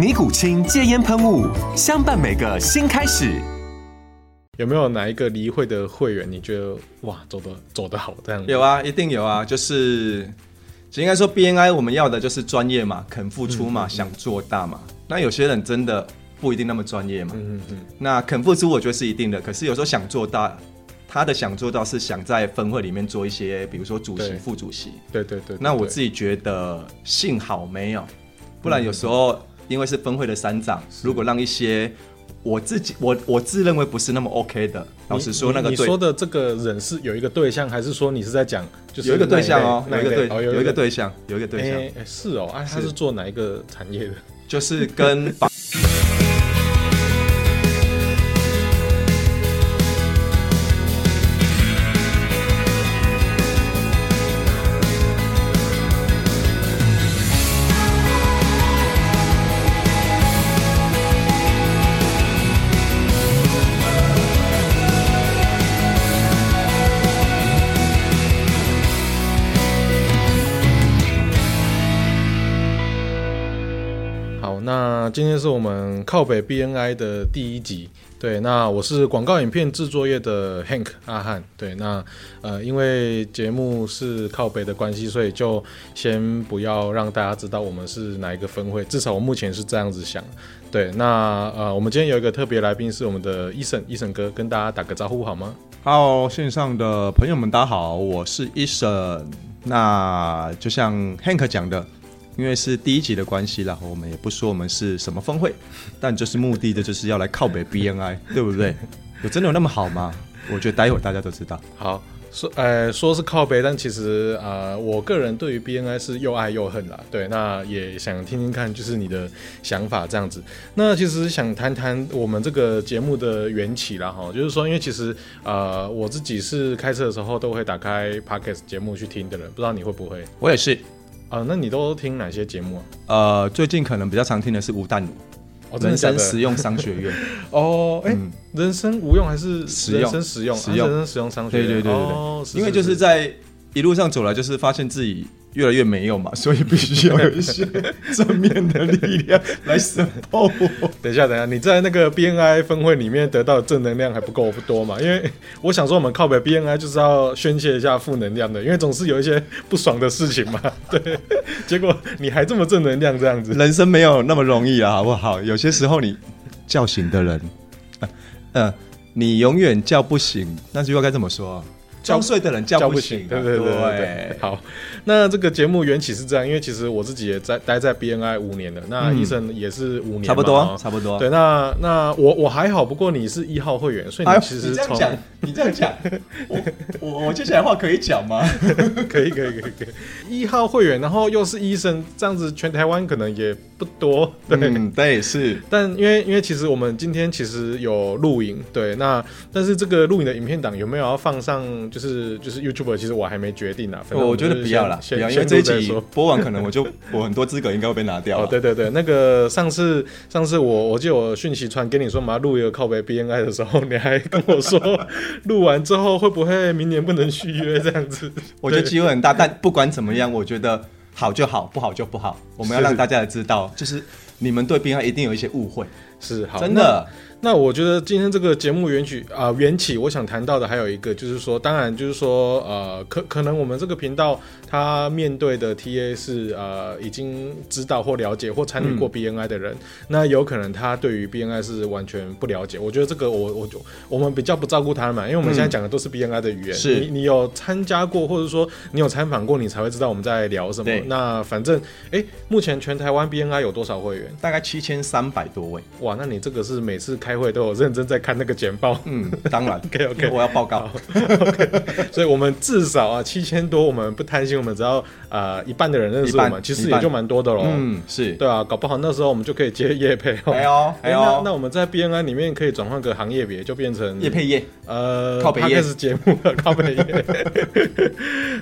尼古清戒煙噴霧，相伴每個新開始。有沒有哪一個離會的會員，你覺得哇，走的走得好這樣？有啊，一定有啊。就是應該說，BNI 我們要的就是專業嘛，肯付出嘛，嗯嗯嗯想做大嘛。那有些人真的不一定那麼專業嘛。嗯，嗯嗯。那肯付出，我覺得是一定的。可是有時候想做大，他的想做到是想在分會裡面做一些，比如說主席、對副主席。對對，對對對。那我自己覺得幸好沒有，不然有時候。嗯嗯因為是分會的三長，是如果讓一些我自己，我我自認為不是那麼 OK 的，你老實說，那個你說的這個人是有一個對象，還是說你是在講？有一個對象哦，哪地一個對？哦、有一個，有一個對象，有一個對象，欸、是哦，啊、他是做哪一個產業的？就是跟。 今天是我們靠北 BNI 的第一集，對，那我是廣告影片制作業的 Hank 阿漢，對，那呃，因為節目是靠北的關係，所以就先不要讓大家知道我們是哪一個分會，至少我目前是這樣子想，對，那呃，我們今天有一個特別來賓是我們的 Eason Eason 哥跟大家打個招呼好嗎？哈嘍，Hello, 線上的朋友們，大家好，我是 Eason，那就像 Hank 講的。因為是第一集的關係，然後我們也不說我們是什麼峰會，但就是目的的就是要來靠北 BNI， 對不對？有真的有那麼好嗎？我覺得待會兒大家都知道。好說，呃，說是靠北，但其實啊、呃，我個人對於 BNI 是又愛又恨啦。對，那也想聽聽看，就是你的想法這樣子。那其實想談談我們這個節目的緣起啦，哈，就是說，因為其實呃，我自己是開車的時候都會打開 Podcast 節目去聽的人，不知道你會不會？我也是。啊、哦，那你都聽哪些節目啊？呃，最近可能比較常聽的是吳淡如《哦、的的人生實用商學院》 哦，哎、嗯欸，人生無用還是使實用？實用，啊、用人生實用商學院，對對對對對。哦、是是是是因為就是在一路上走來，就是發現自己。越來越沒用嘛，所以必須要有一些正面的力量 來滲透。 等一下，等一下，你在那個 BNI 分會裡面得到正能量還不夠多嘛？因為我想說，我們靠北 BNI 就是要宣洩一下負能量的，因為總是有一些不爽的事情嘛。對，結果你還這麼正能量這樣子， 人生沒有那麼容易啊，好不好？有些時候你叫醒的人，嗯、呃呃，你永遠叫不醒。那句話該怎麼說？交稅的人叫不醒。啊，叫不醒對，對對對對，好。那這個節目緣起是這樣，因為其實我自己也在待在 BNI 五年了，那醫生也是五年，嗯，差不多，差不多。對，那那我我還好，不過你是一號會員，所以你其實，哎，你這樣講，你這樣講， 我我，我接下來話可以講嗎？ 可以可以可以可以。一號會員，然後又是醫生，這樣子全台灣可能也不多，對，但也，嗯，是。但因為因為其實我們今天其實有錄影，對，那但是這個錄影的影片檔有沒有要放上？就是就是 YouTuber，其實我還沒決定呢。我覺得不要啦先，因為這一集播完，可能我就 我很多資格應該會被拿掉。哦，對對對，那個上次上次我我記得我訊息傳給你說，我要錄一個靠北 BNI 的時候，你還跟我說 錄完之後會不會明年不能續約這樣子？我覺得機會很大，對但不管怎麼樣，我覺得好就好，不好就不好，我們要讓大家來知道，是是就是。你們對 BNI 一定有一些誤會，是，好那真的。那我覺得今天這個節目緣起啊，緣起，呃、起我想談到的還有一個，就是說，當然就是說，呃，可可能我們這個頻道他面對的 TA 是呃，已經知道或了解或參與過 BNI 的人，嗯、那有可能他對於 BNI 是完全不了解。我覺得這個我我我，我們比較不照顧他嘛，因為我們現在講的都是 BNI 的語言。嗯、是，你你有參加過，或者說你有參訪過，你才會知道我們在聊什麼。對那反正，哎、欸，目前全台灣 BNI 有多少會員？大概七千三百多位，哇！那你這個是每次開會都有認真在看那個簡報？嗯，當然，OK OK，我要報告，OK。所以我們至少啊，七千多，我們不貪心，我們只要呃一半的人認識我們，其實也就蠻多的咯。嗯，是對啊，搞不好那時候我們就可以接業配哦。還有那我們在 BNI 裡面可以轉換個行業別，就變成業配業，呃，靠北業是節目的靠北業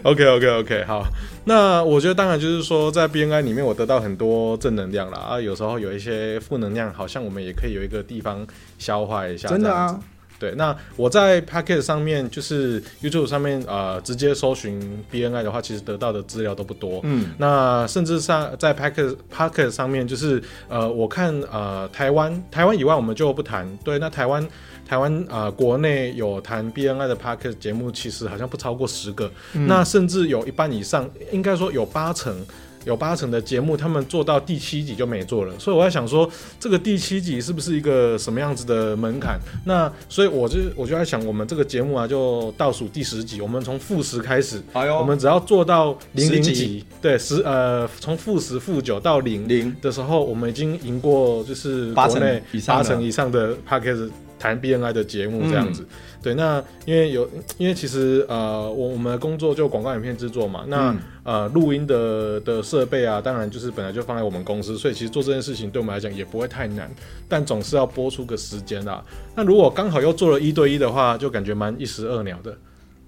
，OK OK OK，好。那我覺得，當然就是說，在 B N I 裡面，我得到很多正能量啦，啊。有時候有一些負能量，好像我們也可以有一個地方消化一下。真的啊。對，那我在 Podcast 上,上面，就是 YouTube 上面呃直接搜尋 BNI 的話，其實得到的資料都不多。嗯，那甚至上在 Podcast Podcast 上面，就是呃，我看呃，台灣台灣以外，我們就不談。對，那台灣台灣呃國內有談 BNI 的 Podcast 節目，其實好像不超過十個。嗯，那甚至有一半以上，應該說有八成。有八成的節目，他們做到第七集就沒做了，所以我在想說，這個第七集是不是一個什麼樣子的門檻？嗯、那所以我就我就在想，我們這個節目啊，就倒數第十集，我們從負十開始，哎、呦我們只要做到零零幾，零幾對十呃，從負十負九到零零的時候，我們已經贏過就是國內八成以上的 podcast，談 BNI 的節目這樣子，嗯、對，那因為有因為其實呃，我我們的工作就廣告影片制作嘛，那、嗯、呃，錄音的的設備啊，當然就是本來就放在我們公司，所以其實做這件事情對我們來講也不會太難，但總是要播出個時間啦。那如果剛好又做了一對一的話，就感覺蠻一石二鳥的，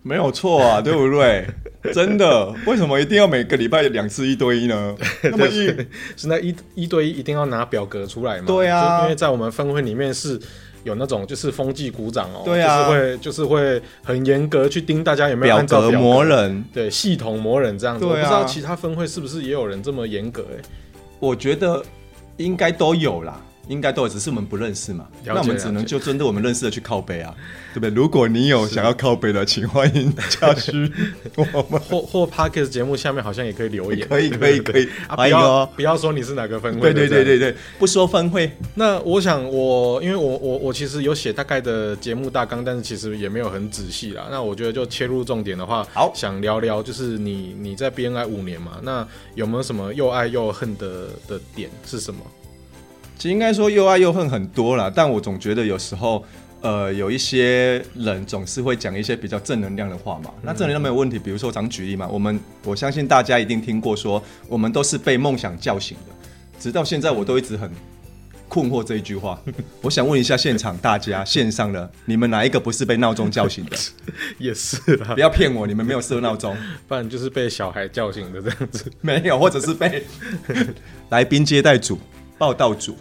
沒有錯啊，對不對？ 真的，為什麼一定要每個禮拜兩次一對一呢？是那一一對一一定要拿表格出來嘛。對啊，因為在我們分會裡面是。有那種就是風紀股長哦、喔啊，就是會就是會很嚴格去盯大家有沒有按照表格，表格魔人對系統魔人，這樣子，啊、我不知道其他分會是不是也有人這麼嚴格誒、欸，我覺得應該都有啦。應該都只是我們不認識嘛，解那我們只能就針對我們認識的去靠北啊， 對不對？如果你有想要靠北的，是請歡迎加區我們 或、或 Podcast 節目下面好像也可以留言，可以可以可以，啊、不要不要說你是哪個分會，對對對對對，不說分會。那我想我因為我我我其實有寫大概的節目大綱，但是其實也沒有很仔細啦。那我覺得就切入重點的話，好想聊聊就是你你在 BNI 五年嘛，那有沒有什麼又愛又恨的的點是什麼？其實應該說又愛又恨很多了，但我總覺得有時候，呃，有一些人總是會講一些比較正能量的話嘛。那正能量沒有問題，比如說，常舉例嘛，我們我相信大家一定聽過說，我們都是被夢想叫醒的。直到現在，我都一直很困惑這一句話。 我想問一下現場大家， 線上的你們哪一個不是被鬧鐘叫醒的？ 也是吧，不要騙我，你們沒有設鬧鐘， 不然就是被小孩叫醒的這樣子。 沒有，或者是被 來賓接待組。報道組，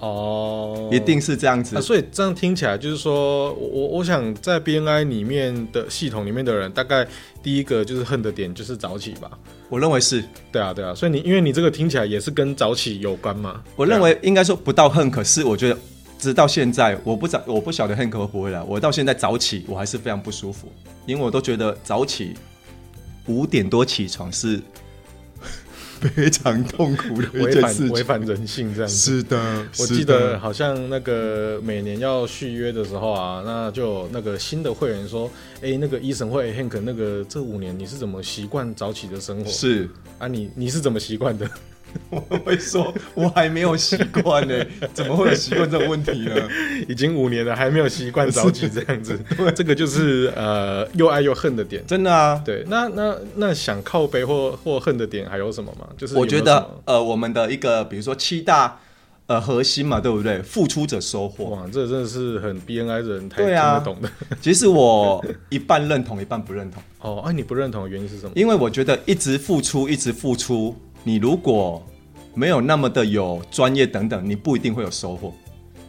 哦，一定是這樣子，啊、所以這樣聽起來就是說我我想在 BNI 裡面的系統裡面的人，大概第一個就是恨的點就是早起吧。我認為是對啊對啊，所以你因為你這個聽起來也是跟早起有關嘛。我認為應該說不到恨，啊，可是我覺得直到現在我不早我不曉得恨可不會來。我到現在早起我還是非常不舒服，因為我都覺得早起五點多起床是。 非常痛苦的，違反違反人性這樣子是。是的，我記得好像那個每年要續約的時候啊，那就那個新的會員說：“哎、欸，那個醫生會、欸、Hank，那個這五年你是怎麼習慣早起的生活？是啊你，你你是怎麼習慣的？” 我會說，我還沒有習慣呢，怎麼會有習慣這種問題呢？ 已經五年了，還沒有習慣着急這樣子， 啊、這個就是呃，又愛又恨的點。真的啊，對，那那那想靠北或或恨的點還有什麼嗎？就是有有我覺得呃，我們的一個比如說七大呃核心嘛，對不對？付出者收穫，哇，這真的是很 B N I 的人太聽得懂的、啊。 其實我一半認同，一半不認同。哦，哎、啊，你不認同的原因是什麼？因為我覺得一直付出，一直付出。你如果沒有那麼的有專業等等，你不一定會有收穫，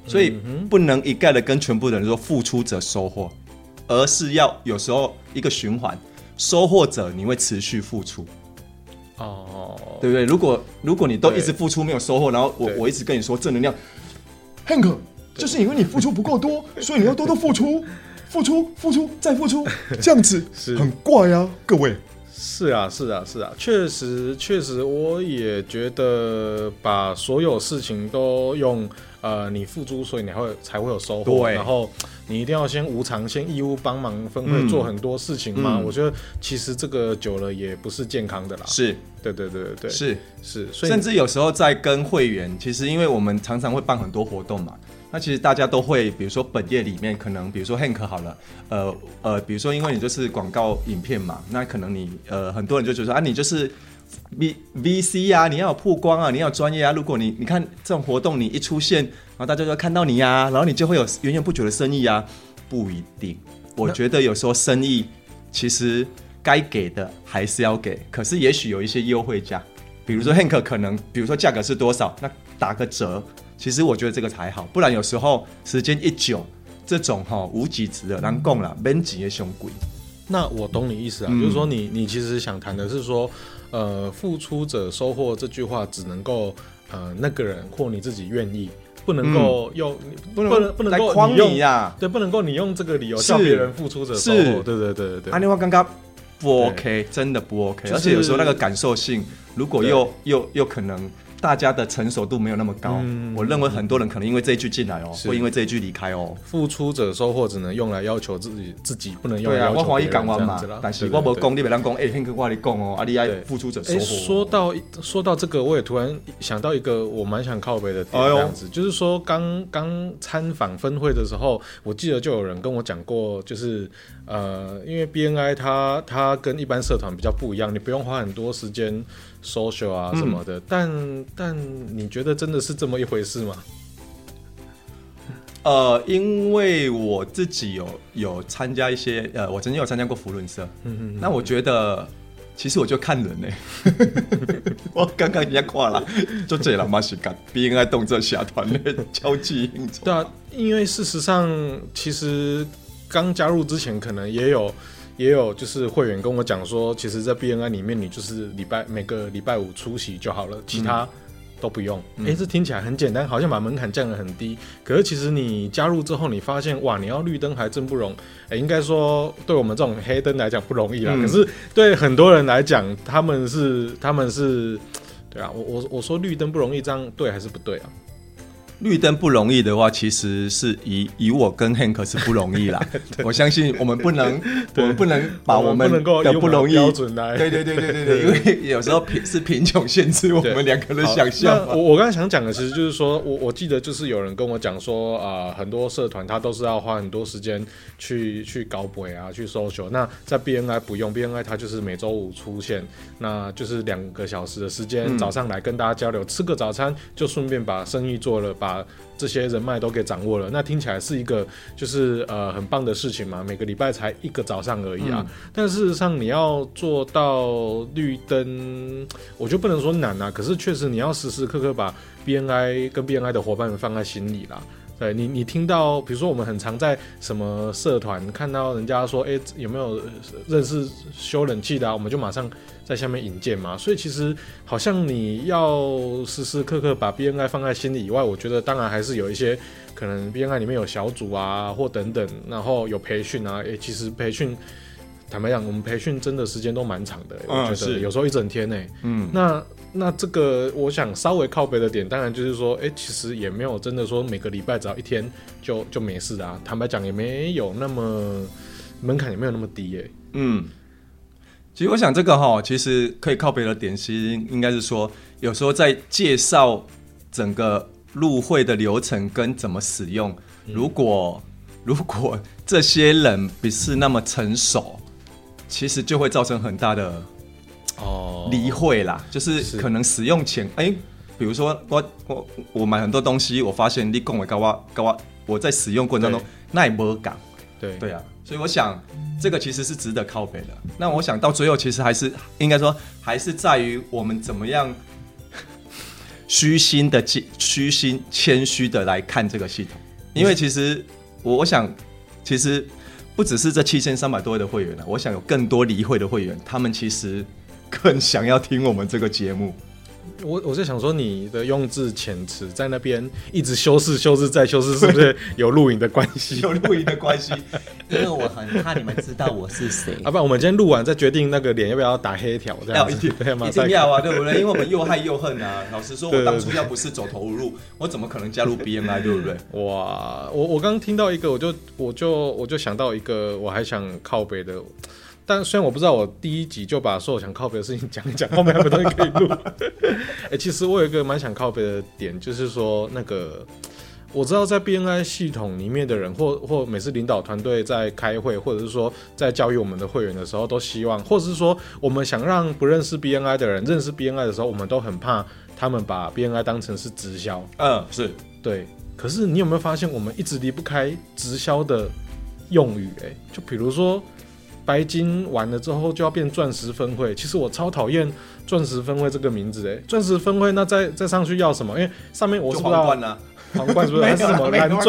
所以不能一概的跟全部的人說付出者收穫，而是要有時候一個循環，收穫者你會持續付出，哦，對不對？如果如果你都一直付出沒有收穫，對然後我對我一直跟你說正能量對，Hank，就是因為你付出不夠多，對 所以你要多多付出，付出，付出，再付出，這樣子是很怪啊，各位。是啊，是啊，是啊，確實，確實，我也覺得把所有事情都用呃你付出，所以你會才會有收穫。對然後你一定要先無償、先義務幫忙分會、嗯、做很多事情嘛？嗯、我覺得其實這個久了也不是健康的啦。是對，對，對，對，對，對，對，對，是是，是甚至有時候在跟會員，其實因為我們常常會辦很多活動嘛。那其實大家都會，比如說本業裡面，可能比如說 Hank 好了，呃呃，比如說因為你就是廣告影片嘛，那可能你呃很多人就覺得說啊，你就是 V V C 啊，你要有曝光啊，你要專業啊。如果你你看這種活動，你一出現，然後大家就看到你呀，啊，然後你就會有源源不絕的生意啊。不一定，我覺得有時候生意其實該給的還是要給，可是也許有一些優惠價，比如說 Hank 可能，比如說價格是多少，那打個折。其實我覺得這個才好，不然有時候時間一久，這種哈無脊值的難供了，邊際也凶鬼。那我懂你意思啊，嗯、就是說你你其實想談的是說，嗯、呃，付出者收穫這句話只能夠呃那個人或你自己願意，不能夠用、嗯不能，不能不能框你啊，你對，不能夠你用這個理由叫別人付出者收穫，對對對對對。換句話說剛剛不 OK。對真的不 OK，就是、而且有時候那個感受性，如果又對又又可能。大家的成熟度沒有那麼高，嗯、我認為很多人可能因為這一句進來哦、喔，會是因為這一句離開哦、喔。付出者收穫只能用來要求自己，自己不能用來。對啊，我懷懷疑講我嘛，但是我沒對對對對不講、欸、你別人講，哎，憲哥，我跟你講哦，啊，對你愛付出者收穫、喔欸。說到說到這個，我也突然想到一個我蠻想靠北的地方，這樣子，呦就是說剛剛參訪分會的時候，我記得就有人跟我講過，就是呃，因為 BNI 它它跟一般社團比較不一樣，你不用花很多時間。Social 啊什麼的，嗯、但但你覺得真的是這麼一回事嗎？呃，因為我自己有有參加一些，呃，我曾經有參加過扶輪社。嗯嗯，那我覺得其實我就看人呢。 我剛剛已經掛了，就這了嘛是干，不應該動作下團的交際。 超級對啊，因為事實上，其實剛加入之前可能也有。也有就是會員跟我講說，其實，在 BNI 裡面，你就是禮拜每個禮拜五出席就好了，其他都不用。哎、嗯，欸，這聽起來很簡單，好像把門檻降得很低。可是，其實你加入之後，你發現哇，你要綠燈還真不容易。哎、欸，應該說，對我們這種黑燈來講不容易啦。嗯、可是，對很多人來講，他們是他們是，對啊，我我我說綠燈不容易，這樣對還是不對啊？綠燈不容易的話，其實是以以我跟 Hank 是不容易啦。 對我相信我們不能，對我們不能把我們的不容易不標準來。對對對對對對，因為有時候貧是貧窮限制我們兩個人想象。我我剛才想講的其實就是說，我我記得就是有人跟我講說，啊、呃，很多社團他都是要花很多時間去去搞鬼啊，去 social。那在 BNI 不用 BNI，它就是每周五出現，那就是兩個小時的時間，早上來跟大家交流，嗯、吃個早餐，就順便把生意做了，把。啊，把這些人脈都給掌握了，那聽起來是一個就是呃很棒的事情嘛。每個禮拜才一個早上而已啊，嗯、但事實上你要做到綠燈，我就不能說難啦、啊。可是確實你要時時刻刻把 BNI 跟 BNI 的夥伴放在心裡啦。對你，你聽到比如說我們很常在什麼社團看到人家說，哎，有沒有認識修冷氣的啊？我們就馬上在下面引薦嘛。所以其實好像你要時時刻刻把 BNI 放在心裡以外，我覺得當然還是有一些可能 BNI 裡面有小組啊，或等等，然後有培訓啊。哎，其實培訓。坦白講，我們培訓真的時間都蠻長的、欸，啊、我覺得有時候一整天呢、欸。嗯，那那這個我想稍微靠北的點，當然就是說，哎、欸，其實也沒有真的說每個禮拜只要一天就就沒事的啊。坦白講，也沒有那麼門檻也沒有那麼低耶、欸。嗯，其實我想這個哈，其實可以靠北的點，其實，應該是說，有時候在介紹整個入會的流程跟怎麼使用，嗯、如果如果這些人不是那麼成熟。嗯其實就會造成很大的哦離會啦，哦、就是可能使用前，哎是、欸，比如說我我我買很多東西，我發現你講的跟我，跟我在使用過程當中耐磨感，對對、對啊，所以我想這個其實是值得靠北的。那我想到最後，其實還是應該說，還是在於我們怎麼樣虛心的虛心謙虛的來看這個系統，因為其實是我，我想，其實。不只是這七千三百多位的會員了，啊，我想有更多離會的會員，他們其實更想要聽我們這個節目。我我在想說，你的用字遣詞在那邊一直修飾、修飾再修飾，是不是有錄影的關係？ 有錄影的關係， 因為我很怕你們知道我是誰。啊不然，我們今天錄完再決定那個臉要不要打黑條，這樣子一定要啊，對不對？因為我們又愛又恨啊。 老實說，我當初要不是走投無路， 我怎麼可能加入 BNI，對不對？ 哇，我我剛聽到一個，我就我就我就想到一個，我還想靠北的。但雖然我不知道，我第一集就把所有想靠北的事情講一講，後面還有東西可以錄、 欸。其實我有一個蠻想靠北的點，就是說那個我知道在 BNI 系統裡面的人，或或每次領導團隊在開會，或者是說在教育我們的會員的時候，都希望，或者是說我們想讓不認識 BNI 的人認識 BNI 的時候，我們都很怕他們把 BNI 當成是直銷。嗯，是對。可是你有沒有發現，我們一直離不開直銷的用語、欸？哎，就比如說。白金完了之後就要變鑽石分會，其實我超討厭鑽石分會這個名字哎，鑽石分會那再再上去要什麼？因為上面我是不知道呢。皇冠什麼還是什麼藍鑽，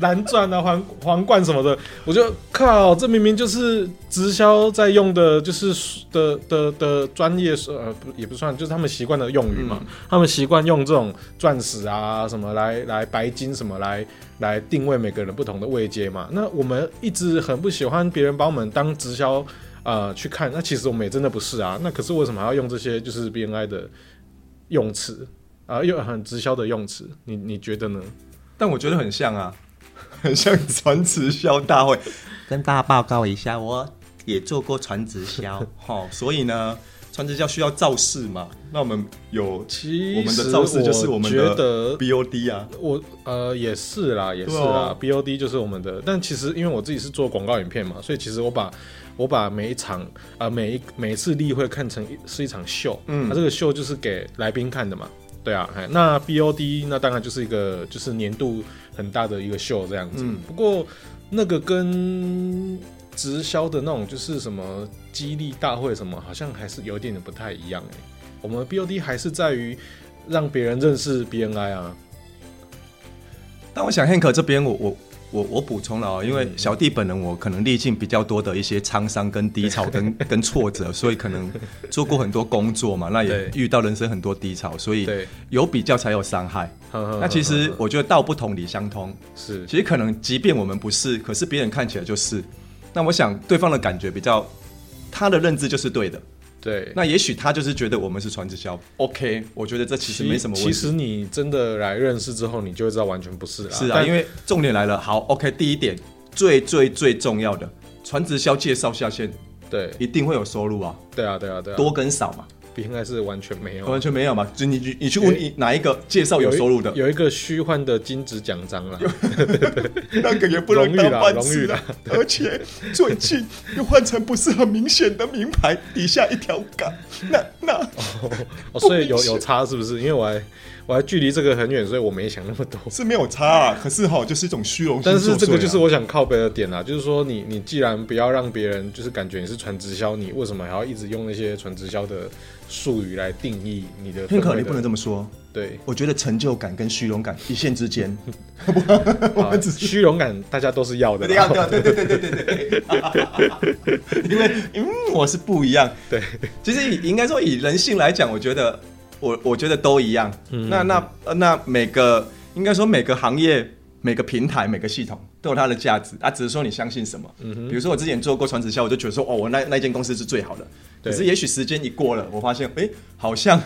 藍鑽啊，皇皇鑽、啊 啊、冠什麼的，我就靠，這明明就是直銷在用的，就是的的的專業是呃不也不算，就是他們習慣的用語嘛，嗯、他們習慣用這種鑽石啊什麼來來白金什麼來來定位每個人不同的位階嘛。那我們一直很不喜歡別人把我們當直銷啊、呃、去看，那其實我們也真的不是啊。那可是為什麼還要用這些就是 BNI 的用詞？啊，又、呃、很直銷的用詞，你你覺得呢？但我覺得很像啊，很像傳直銷大會。跟大家報告一下，我也做過傳直銷，好、 哦，所以呢，傳直銷需要造勢嘛。那我們有其實我，我們的造勢就是我們的 BOD 啊，我呃也是啦，也是啦、啊、，BOD 就是我們的。但其實因為我自己是做廣告影片嘛，所以其實我把我把每一場啊、呃、每一每次例會看成是一場秀，嗯，那、啊、這個秀就是給來賓看的嘛。對啊，那 BOD 那當然就是一個就是年度很大的一個秀這樣子。嗯、不過那個跟直銷的那種就是什麼激勵大會什麼，好像還是有一點點不太一樣哎。我們 BOD 還是在於讓別人認識 BNI 啊，但我想認可這邊我，我我。我我補充了啊，因為小弟本人我可能歷經比較多的一些滄桑跟低潮跟對跟挫折，所以可能做過很多工作嘛，對那也遇到人生很多低潮，所以有比較才有傷害。對那其實我覺得道不同理相通，其相通是其實可能即便我們不是，可是別人看起來就是。那我想對方的感覺比較，他的認知就是對的。對，那也許他就是覺得我們是傳直銷，OK。我覺得這其實沒什麼問題。其，其實你真的來認識之後，你就會知道完全不是啦。是啊，但因為重點來了。好，OK，第一點，最最最重要的，傳直銷介紹下線，對，一定會有收入啊。對啊，對啊，對啊，對啊，對啊，多跟少嘛、啊。應該是完全沒有、啊，完全沒有嘛？就對你你你去問你哪一個介紹有收入的，欸、有一、有一個虛幻的金質獎章了，那個也不能當飯吃啊！而且最近又換成不是很明顯的名牌底下一條槓， 那那、oh, oh, 所以有有差是不是？因為我還。我還距離這個很遠，所以我沒想那麼多。是沒有差啊，可是哈，就是一種虛榮。但是這個就是我想靠北的點啦， 就是說你你既然不要讓別人就是感覺你是傳直銷，你為什麼還要一直用那些傳直銷的術語來定義你的，的？那可你不能這麼說。對，我覺得成就感跟虛榮感一線之間。虛榮感，大家都是要的。對 後對對對對對對。 因為因、嗯、我是不一樣。對，其實以應該說以人性來講，我覺得。我我覺得都一樣，嗯嗯嗯，那那那每個應該說每個行業、每個平台、每個系統都有它的價值，它、啊、只是說你相信什麼。嗯嗯，比如說我之前做過傳直銷，我就覺得說哦，我那那間公司是最好的。對可是也許時間一過了，我發現哎、欸，好像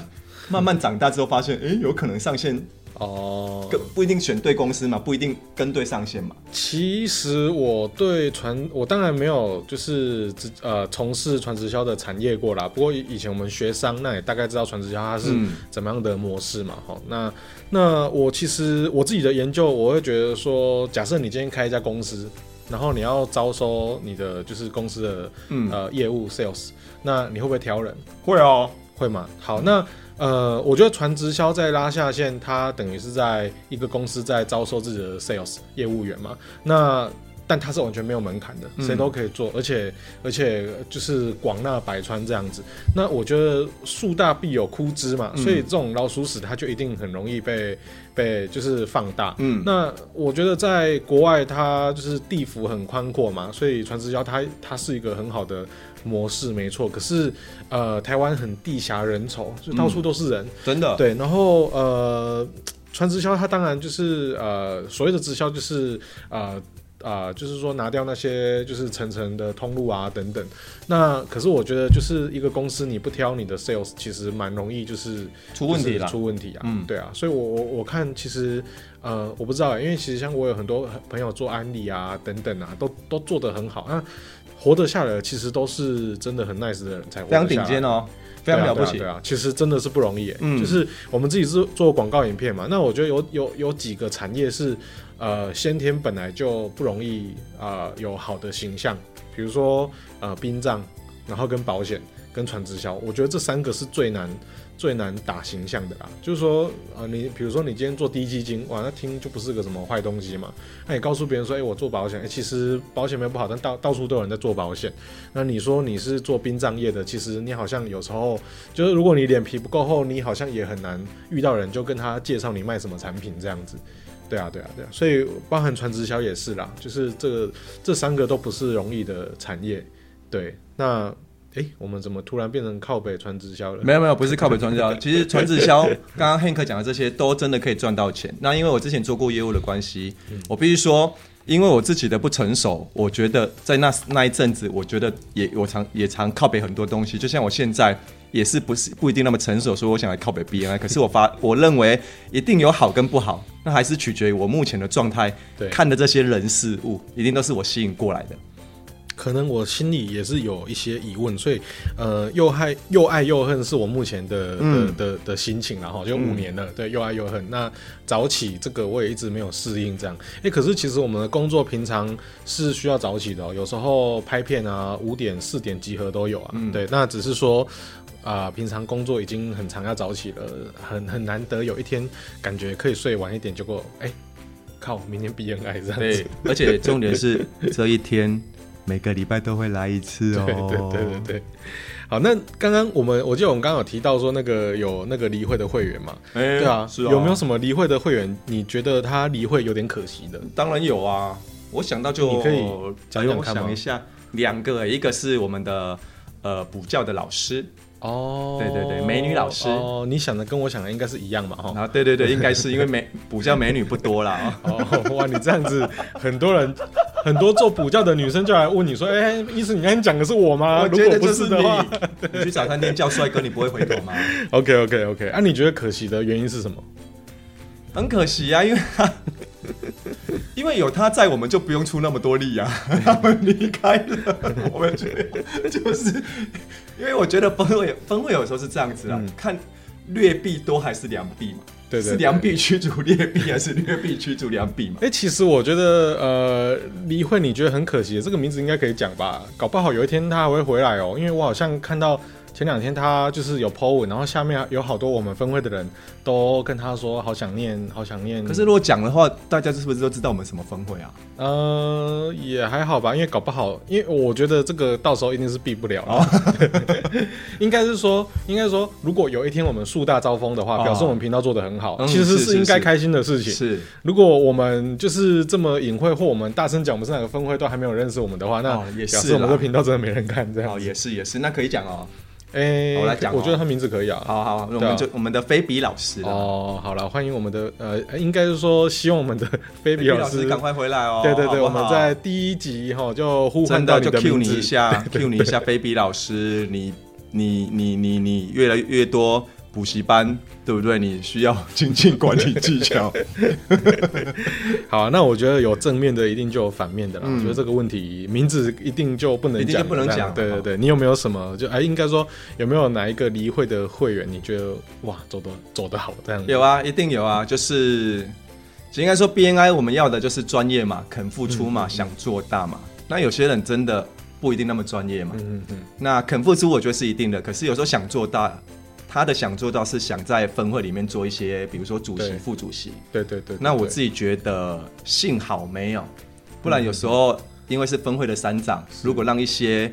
慢慢長大之後發現哎、 欸，有可能上線。哦，不、oh, 不一定選對公司嘛，不一定跟對上線嘛。其實我對傳，我當然沒有就是呃從事傳直銷的產業過啦。不過以前我們學商，那也大概知道傳直銷它是怎麼樣的模式嘛。嗯、那那我其實我自己的研究，我會覺得說，假設你今天開一家公司，然後你要招收你的就是公司的、嗯、呃業務 sales，那你會不會挑人？會哦，會嗎？好，那。呃，我覺得傳直銷在拉下線，它等於是在一個公司在招收自己的 sales 業務員嘛。那但它是完全沒有門檻的，嗯、誰都可以做，而且而且就是廣納百川這樣子。那我覺得樹大必有枯枝嘛，嗯、所以這種老鼠屎它就一定很容易被被就是放大。嗯，那我覺得在國外它就是地幅很寬闊嘛，所以傳直銷它它是一個很好的。模式沒錯，可是，呃，台灣很地狹人稠，就、嗯、到處都是人，真的。對，然後呃，傳直銷，它當然就是呃，所謂的直銷就是呃。啊、呃，就是說拿掉那些就是層層的通路啊等等，那可是我覺得就是一個公司你不挑你的 sales，其實蠻容易就是出問題了，出問題啊，嗯，對啊，所以我我我看其實呃我不知道，因為其實像我有很多朋友做安利啊等等啊，都都做得很好，那活得下來其實都是真的很 nice 的人才活得下來的，非常頂尖哦。非常了不起，對啊，對啊，對啊，其實真的是不容易、欸。嗯，就是我們自己是做廣告影片嘛，那我覺得有有有幾個產業是，呃，先天本來就不容易啊、呃，有好的形象，比如說呃，殯葬，然後跟保險，跟傳直銷，我覺得這三個是最難、最難打形象的啦。就是說，呃，你比如說，你今天做低基金，哇，那聽就不是個什麼壞東西嘛。那你告訴別人說，誒、欸，我做保險，誒、欸，其實保險沒有不好，但到到處都有人在做保險。那你說你是做殯葬業的，其實你好像有時候就是，如果你臉皮不夠厚，你好像也很難遇到人就跟他介紹你賣什麼產品這樣子。對啊，對啊，對啊。所以包含傳直銷也是啦，就是這個這三個都不是容易的產業。對，那。哎、欸，我們怎麼突然變成靠北傳直銷了？沒有沒有，不是靠北傳直銷。其實傳直銷，剛剛漢克講的這些都真的可以賺到錢。那因為我之前做過業務的關係，我必須說，因為我自己的不成熟，我覺得在那那一陣子，我覺得也我常也常靠北很多東西。就像我現在也是不是不一定那麼成熟，所以我想來靠北 BNI。可是我發，我認為一定有好跟不好，那還是取決於我目前的狀態。對，看的這些人事物，一定都是我吸引過來的。可能我心裡也是有一些疑問，所以呃，又害又愛又恨，是我目前的、嗯、的的、的心情，然後就五年了，嗯、對，又愛又恨。那早起這個我也一直沒有適應這樣。哎、欸，可是其實我們的工作平常是需要早起的，喔，有時候拍片啊，五點、四點集合都有啊。嗯、對。那只是說啊、呃，平常工作已經很常要早起了，很很難得有一天感覺可以睡晚一點結果。哎、欸，靠，明天 BNI 這樣子。對，而且重點是這一天。 每個禮拜都會來一次哦，對對對對對，好，那剛剛我們我記得我們剛剛有提到說那個有那個離會的會員嘛，對啊，是啊，有沒有什麼離會的會員？你覺得他離會有點可惜的？當然有啊，我想到就你可以講講一下，我想一下，兩個，一個是我們的呃補教的老師哦，對對對，美女老師，你想的跟我想的應該是一樣嘛哦，然後對對對，應該是因為美補教美女不多啦。哦，哇，你這樣子很多人。很多做補教的女生就來問你說：“哎、欸，意思你剛剛講的是我嗎？我覺得如果不是的話，你去早餐店叫帥哥，你不會回頭嗎 ？”OK OK OK，那、啊、你覺得可惜的原因是什麼？很可惜呀、啊，因為他因為有他在，我們就不用出那麼多力呀、啊。我 們離開了，我們覺得就是因為我覺得分會分會有，分會有時候是這樣子的、啊，嗯、看劣幣多還是良幣嘛。對對,對，是良幣驅逐劣幣，還是劣幣驅逐良幣嘛？哎、 欸，其實我覺得，呃，李慧，你覺得很可惜的，這個名字應該可以講吧？搞不好有一天他還會回來哦，因為我好像看到。前兩天他就是有 po 文，然後下面有好多我們分會的人都跟他說：“好想念，好想念。”可是如果講的話，大家是不是都知道我們什麼分會啊？呃，也還好吧，因為搞不好，因為我覺得這個到時候一定是避不了啊。哦、 應該是說，應該說，如果有一天我們樹大招風的話，哦、表示我們頻道做得很好，哦、其實是，是，是，是應該開心的事情。是，是，如果我們就是這麼隱晦或我們大聲講，我們哪個分會都還沒有認識我們的話，那、哦、也是表示我們這頻道真的沒人看，這樣子、哦、也是也是，那可以講哦。誒、欸哦，我來講、哦，我覺得他名字可以啊。好好，啊、我們就我們的菲比老師了哦。好了，歡迎我們的呃，應該是說希望我們的菲比老師趕快回來哦。對對對，好好，我們在第一集哈就呼喚到你的名字，就 cue 你一下，cue 你一下，菲比老師，你你你你你越來越多。補習班對不對？你需要精進管理技巧。 對對對，好，啊，那我覺得有正面的，一定就有反面的啦。我、嗯、覺得這個問題名字一定就不能講，一定不能講。對對對，哦、你有沒有什麼就哎，應該說有沒有哪一個離會的會員，你覺得哇，走得走得好這樣？有啊，一定有啊，就是應該說 BNI 我們要的就是專業嘛，肯付出嘛，嗯嗯，想做大嘛。那有些人真的不一定那麼專業嘛。嗯，嗯嗯。那肯付出我覺得是一定的，可是有時候想做大。他的想做到是想在分會裡面做一些，比如說主席、副主席。對對對。那我自己覺得幸好沒有，不然有時候因為是分會的三長，如果讓一些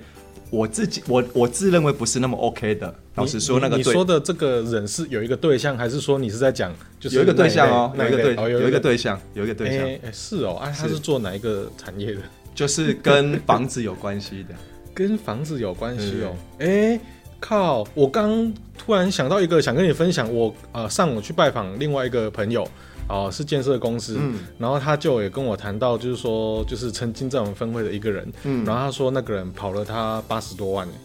我自己我我自認為不是那麼 OK 的，老實說那個。你說的這個人是有一個對象，還是說你是在講就是？有一個對象哦，有一個對，有一個對象，有一個對象。是哦，哎，他是做哪一個產業的？就是跟房子有關係的，跟房子有關係哦。哎，靠，我剛。忽然想到一個想跟你分享我，我呃上午去拜訪另外一個朋友，啊、呃、是建設公司，嗯、然後他就也跟我談到，就是說就是曾經在我們分會的一個人，嗯、然後他說那個人跑了他八十多萬誒、欸。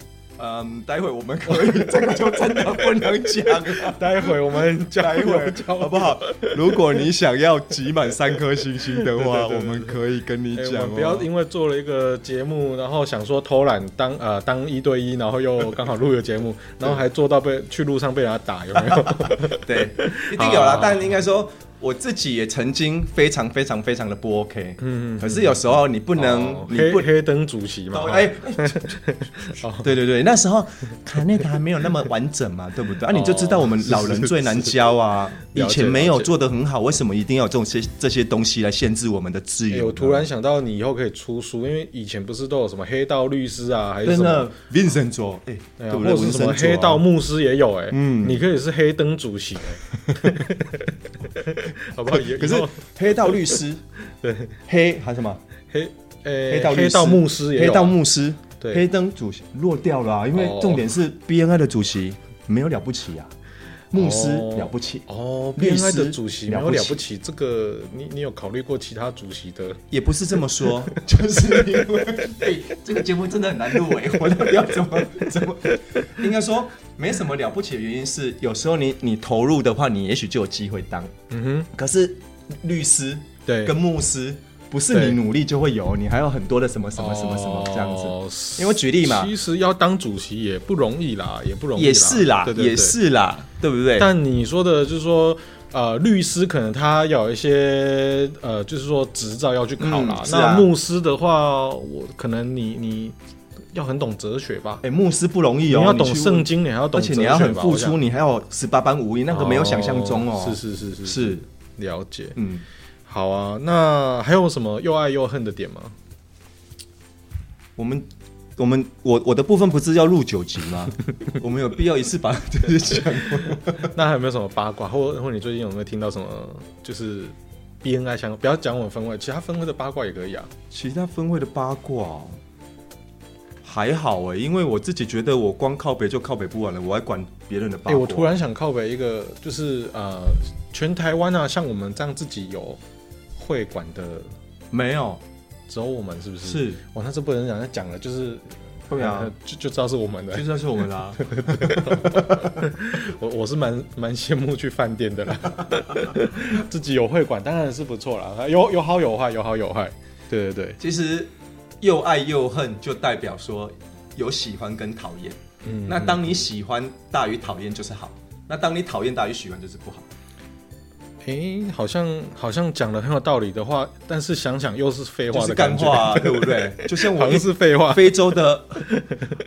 嗯，um, 待會我們可以 這個就真的不能講。 待會我們講，一會兒 好不好？如果你想要集滿三顆星星的話， 對對對對我們可以跟你講。欸、不要因為做了一個節目，然後想說偷懶當呃當一對一，然後又剛好錄了節目，對然後還做到被去路上被人家打，有沒有？ 對，一定有啦，好好好但應該說。我自己也曾經非常非常非常的不 OK，嗯，可是有時候你不能，黑黑燈主席嘛，哎，對對對，那時候卡內達還沒有那麼完整嘛，對不對？啊，你就知道我們老人最難教啊，以前沒有做得很好，為什麼一定要有這種些這些東西來限制我們的自由？我突然想到，你以後可以出書，因為以前不是都有什麼黑道律師啊，還是什麼 Vincent 卓，哎，或者是什麼黑道牧師也有，哎，嗯，你可以是黑燈主席。 好不好？以可是黑道律師， 對，黑，還有什麼黑，呃、欸、黑道律師，黑道牧師，黑道牧、啊、牧師，對，黑燈主席落掉了，啊，因為重點是 BNI 的主席沒有了不起啊。Oh. 牧師了不起哦，律師的主席了不起，哦、師這個你你有考慮過其他主席的？也不是這麼說，就是因為、 欸、這個節目真的很難入圍，我都要怎麼怎麼？應該說沒什麼了不起的原因是，有時候你你投入的話，你也許就有機會當。嗯哼，可是律師對跟牧師。對嗯不是你努力就會有，你還有很多的什麼什麼什麼什麼這樣子。因為舉例嘛，其實要當主席也不容易啦，也不容易。也是啦，也是啦，對不對？但你說的就是說，呃，律師可能他有一些，呃，就是說執照要去考啦。那牧師的話，我可能你你要很懂哲學吧？哎，牧師不容易哦，你要懂聖經，你還要懂，而且你要很付出，你還要十八般武藝，那個沒有想象中哦。是是是是是，了解，嗯。好啊，那還有什麼又愛又恨的點嗎？我們，我們，我我的部分不是要錄九集嗎？ 我們有必要一次把這些講嗎？ 那還有沒有什麼八卦，或或你最近有沒有聽到什麼？就是 B N I 相關，不要講我們分會，其他分會的八卦也可以啊。其他分會的八卦還好哎、欸，因為我自己覺得我光靠北就靠北不完了，我還管別人的八卦、欸。我突然想靠北一個，就是呃，全台灣啊，像我們這樣自己有，會館的沒有，只有我們是不是？是。哇，那這不能講，他講了就是會啊，哎、就就知道是我們的，就知道是我們的啦、啊。我 對 我是蠻蠻羨慕去飯店的啦， 自己有會館當然是不錯了，有有好有壞，有好有壞。對對對，其實又愛又恨，就代表說有喜歡跟討厭。嗯，那當你喜歡大於討厭就是好，那當你討厭大於喜歡就是不好。誒，好像好像講的很有道理的話，但是想想又是廢話的感覺，就是幹話啊、對不對？好 像是廢話。 非洲的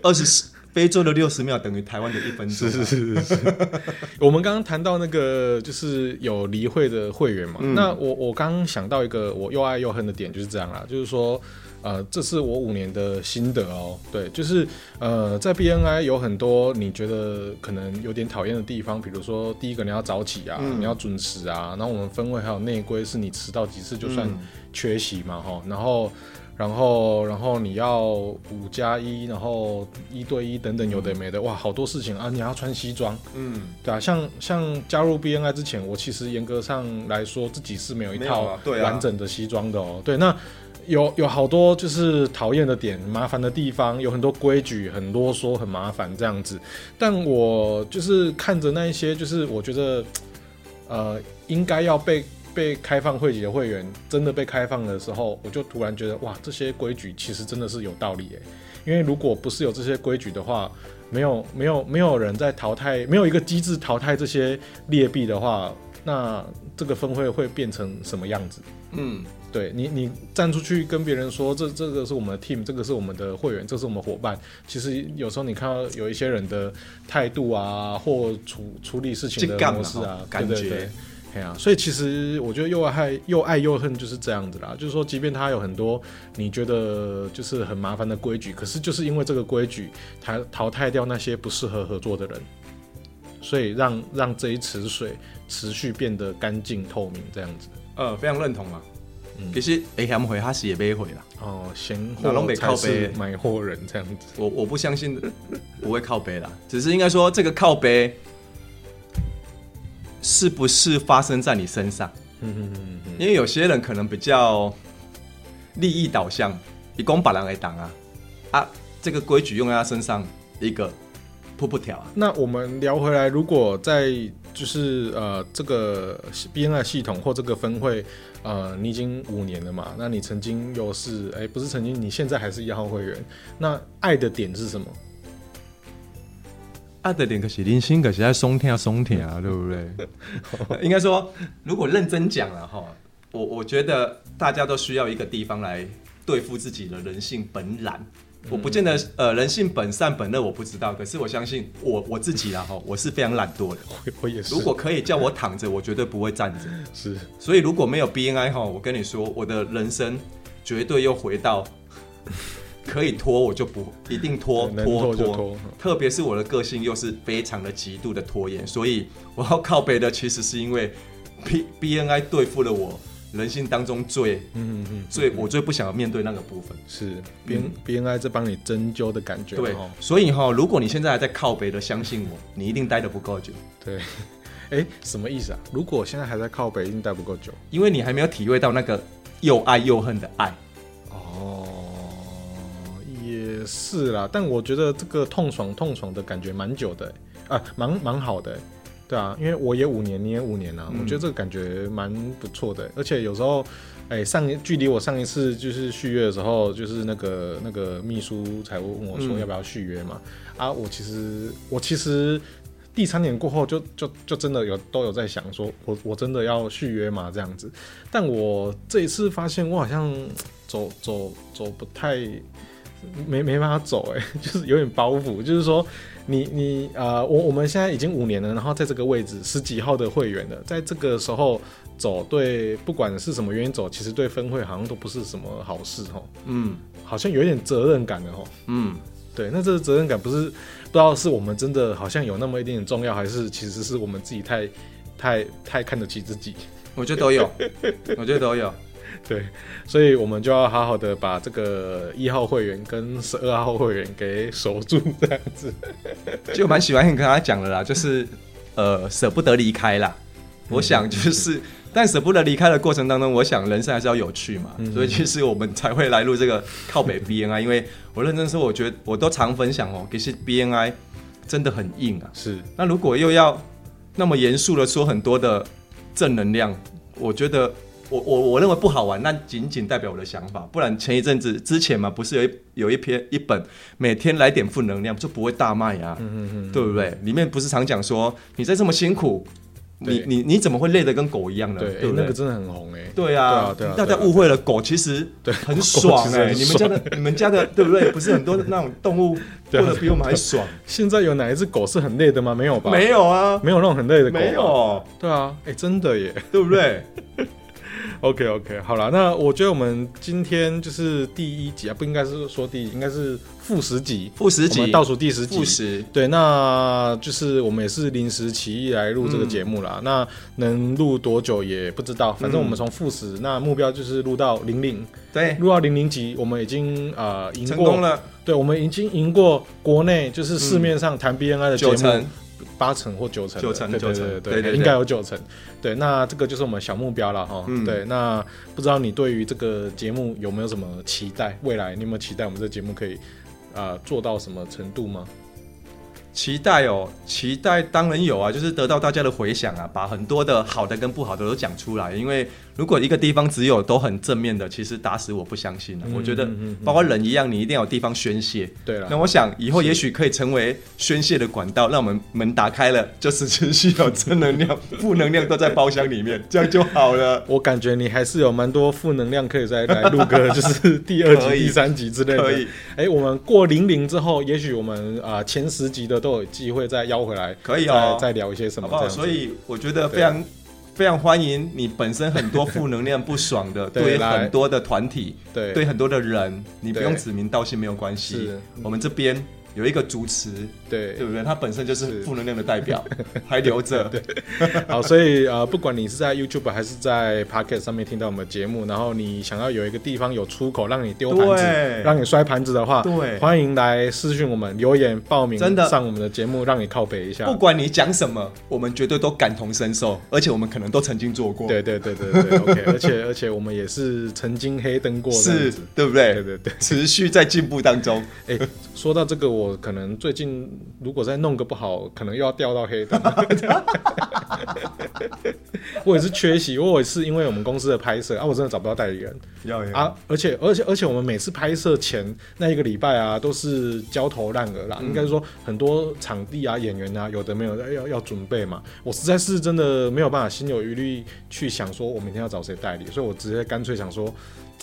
二十四，非洲的六十秒等於台灣的一分鐘。是是是是是。 我們剛剛談到那個就是有離會的會員嘛，嗯、那我我剛想到一個我又愛又恨的點就是這樣啦，就是說。呃，這是我五年的心得哦。對，就是呃，在 BNI 有很多你覺得可能有點討厭的地方，比如說第一個你要早起啊，嗯、你要準時啊。然後我們分位還有內規是你遲到幾次就算缺席嘛、哦、哈、嗯。然後，然後，然後你要五加一，1，然後一對一等等有的沒的，嗯、哇，好多事情啊。你要穿西裝，嗯，對啊。像像加入 BNI 之前，我其實嚴格上來說自己是沒有一套完整的西裝的哦。啊對，啊、對，那。有有好多就是討厭的點，麻煩的地方，有很多規矩，很囉嗦，很麻煩這樣子。但我就是看着那一些，就是我覺得，呃，應該要被被開放會籍的會員真的被開放的時候，我就突然覺得，哇，這些規矩其實真的是有道理欸。因為如果不是有這些規矩的話，沒有沒有沒有人在淘汰，沒有一個機制淘汰這些劣幣的話，那這個分會會變成什麼樣子？嗯。對你，你站出去跟別人說，這這個是我們的 team，這個是我們的會員，這是我們伙伴。其實有時候你看到有一些人的態度啊，或處處理事情的模式啊，感覺，對啊。所以其實我覺得又愛又愛又恨就是這樣子啦。就是說，即便他有很多你覺得就是很麻煩的規矩，可是就是因為這個規矩，他淘汰掉那些不適合合作的人，所以讓讓這一池水持續變得乾淨透明這樣子。呃，非常認同啊。可是 AM 會，他是也被毀了哦。行，那龍北靠北買貨人這樣子，我我不相信 不會靠北啦。只是應該說，這個靠北是不是發生在你身上？嗯、哼哼哼因為有些人可能比較利益導向，一光把人來擋啊啊！這個規矩用在他身上，一個噗噗跳。那我們聊回來，如果在就是呃這個 BNI 系統或這個分會。嗯呃，你已經五年了嘛？那你曾經又是哎，不是曾經，你現在還是一號會員。那愛的點是什麼？愛的點可是零星，可是松田啊，松田啊，對不對？應該說，如果認真講了哈，我我覺得大家都需要一個地方來對付自己的人性本懶。我不見得，呃，人性本善本惡，我不知道。可是我相信我我自己啦、啊，我是非常懶惰的。我也是。如果可以叫我躺着，我絕對不會站着。是。所以如果沒有 BNI 哈，我跟你說，我的人生絕對又回到可以拖，我就不一定拖拖拖。特別是我的個性又是非常的極度的拖延，所以我要靠北的，其實是因為 B BNI 對付了我。人性當中最，嗯嗯嗯，最我最不想要面對那個部分。是、嗯、，BNI 在幫你針灸的感覺。對，哦、所以哈，如果你現在還在靠北的，相信我，你一定待得不夠久。對，哎、欸，什麼意思啊？ 如果現在還在靠北，一定待不夠久。因為你還沒有體會到那個又愛又恨的愛。哦，也是啦，但我覺得這個痛爽痛爽的感覺蠻久的、欸，啊，蠻蠻好的、欸。對啊，因為我也五年，你也五年了、啊，嗯、我覺得這個感覺蠻不錯的、欸。而且有時候，誒、欸，上一距離我上一次就是續約的時候，就是那個那個秘書才問我說要不要續約嘛。嗯、啊，我其實我其實第三年過後就就就，就真的有都有在想說，我我真的要續約嘛這樣子。但我這一次發現，我好像走走走不太沒沒辦法走、欸，誒，就是有點包袱，就是說。你你啊、呃，我我們現在已經五年了，然後在這個位置十幾號的會員了，在這個時候走，對，不管是什麼原因走，其實對分會好像都不是什麼好事哦。嗯，好像有一點責任感的哦。嗯，對，那這個責任感不是，不知道是我們真的好像有那麼一點點重要，還是其實是我們自己太太太看得起自己？我覺得都有， 我覺得都有。對，所以我們就要好好的把這個一號會員跟十二號會員給守住，這樣子 就蠻喜歡你跟他講的啦，就是呃舍不得離開啦。嗯、我想就是，是但舍不得離開的過程當中，我想人生還是要有趣嘛，嗯、哼所以其實我們才會來錄這個靠北 B N I。 因為我認真說，我覺得我都常分享哦，其實 B N I 真的很硬啊。是，那如果又要那麼嚴肅的說很多的正能量，我覺得。我我我認為不好玩，那僅僅代表我的想法。不然前一陣子之前嘛，不是有一有一篇一本，每天來點負能量就不會大賣啊，對不對？裡面不是常講說，你在這麼辛苦，你你你怎麼會累得跟狗一樣呢？對，那個真的很紅哎。對啊，對啊，大家誤會了，狗其實很爽。你們家的你們家的對不對？不是很多那種動物過得比我們還爽。現在有哪一隻狗是很累的嗎？沒有吧？沒有啊，沒有那種很累的狗。沒有。對啊，哎，真的耶，對不對？OK OK，好了，那我覺得我們今天就是第一集啊，不應該是說第一，應該是負十集，負十集倒數第十集。負十，對，那就是我們也是臨時起意來錄這個節目啦，嗯、那能錄多久也不知道，反正我們從負十，嗯、那目標就是錄到零零，對，錄到零零級，我們已經啊贏、呃、過，成功了，對，我們已經贏過國內就是市面上談 BNI 的節目。嗯八成或九成，九成，九成，對對對應該有九成。對，那這個就是我們的小目標了哈。嗯。對，那不知道你對於這個節目有沒有什麼期待？未來你有沒有期待我們這個節目可以呃做到什麼程度嗎？期待哦，期待當然有啊，就是得到大家的回響啊，把很多的好的跟不好的都講出來，因為。如果一個地方只有都很正面的，其實打死我不相信了。我覺得包括人一樣，你一定要有地方宣泄。對了，那我想以後也許可以成為宣泄的管道，讓我們門打開了，就是情緒有正能量，負能量都在包廂裡面，這樣就好了。我感覺你還是有蠻多負能量可以再來錄歌，就是第二集、第三集之類的。可以。誒，我們過零零之後，也許我們啊前十集的都有機會再邀回來，可以哦，再聊一些什麼？好，所以我覺得非常。非常歡迎你，本身很多負能量、不爽的， 對，對很多的團體，對對很多的人，對你不用指名道姓沒有關係。對我們這邊有一個主持，對，對不對？他本身就是負能量的代表，還留着。對，對 好，所以呃，不管你是在 YouTube 還是在 Podcast 上面聽到我們的節目，然後你想要有一個地方有出口，讓你丟盤子，對讓你摔盤子的話，對，歡迎來私訊我們，留言報名，真的上我們的節目，讓你靠北一下。不管你講什麼，我們絕對都感同身受，而且我們可能都曾經做過。對對對對對,對,對 ，OK。而且而且我們也是曾經黑燈過的，是，對不對？對對對，對對持續在進步當中。哎、 欸，說到這個，我可能最近。如果再弄個不好，可能又要掉到黑的。 我也是缺席，我也是因為我們公司的拍攝啊，我真的找不到代理人。要要啊，而且而且而且，而且我們每次拍攝前那一個禮拜啊，都是焦頭爛額啦。嗯、應該說很多場地啊、演員啊，有的沒有要要準備嘛。我實在是真的沒有辦法心有餘力去想說，我明天要找誰代理，所以我直接乾脆想說，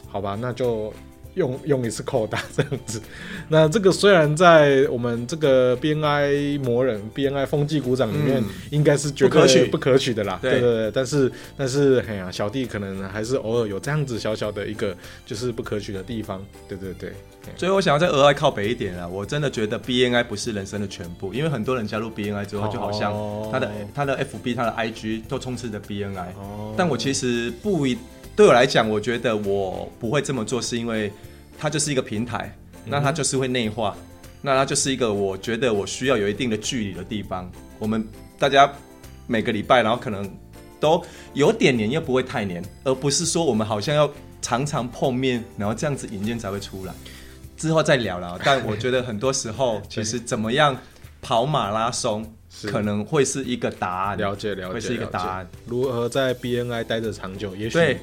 好吧，那就。用用一次扣打、啊、這樣子，那這個雖然在我們這個 B N I 魔人 B N I 風紀股長裡面，嗯、應該是絕對不可取、不可取的啦。對對對，對對對，但是但是哎呀，小弟可能還是偶爾有這樣子小小的一個就是不可取的地方。對對對，所以我想要再額外靠北一點啊！我真的覺得 BNI 不是人生的全部，因為很多人加入 BNI 之後，就好像他的、哦、他的 FB、他的 IG 都充斥着 BNI，哦、但我其實不一。對我來講，我覺得我不會這麼做，是因為它就是一個平台，嗯、那它就是會內化，那它就是一個我覺得我需要有一定的距離的地方。我們大家每個禮拜，然後可能都有點黏，又不會太黏，而不是說我們好像要常常碰面，然後這樣子引薦才會出來，之後再聊了。 但我覺得很多時候，其實怎麼樣跑馬拉松。是可能會是一個答案，了解了解，了解會是一個答案。解如何在 BNI 待着長久？對也許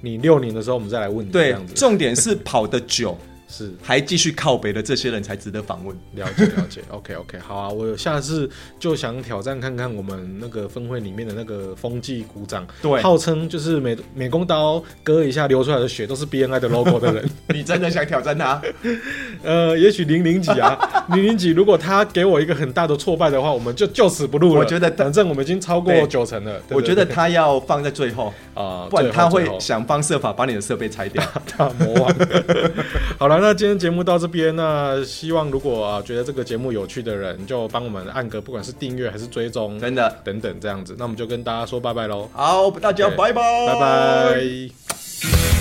你六年的時候，我們再來問你。對，重點是跑得久。 是，還繼續靠北的這些人才值得訪問，了解了解。OK OK，好啊，我下次就想挑戰看看我們那個分會裡面的那個風紀股長，對，號稱就是美美工刀割一下流出來的血都是 BNI 的 logo 的人， 你真的想挑戰他？ 呃，也許零零幾啊，零零 幾，如果他給我一個很大的挫敗的話，我們就就此不錄了。我覺得反正我們已經超過九對成了，對對對，我覺得他要放在最後啊、 呃，不然他會想方設法把你的設備拆掉。最後最後 大魔王的， 好啦。啊、那今天節目到這邊，那希望如果啊覺得這個節目有趣的人，就幫我們按個，不管是訂閱還是追蹤，真的等等這樣子，那我們就跟大家說拜拜咯，好，大家對拜拜，拜拜。